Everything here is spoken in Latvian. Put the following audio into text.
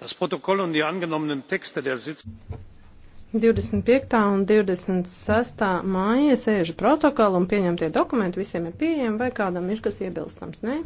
das protokoll und die angenommenen texte der sitzung 25. un 26. māja sēžu protokolu un pieņemtie dokumenti visiem ir pieejami vai kādam ir kas iebilstams, ne?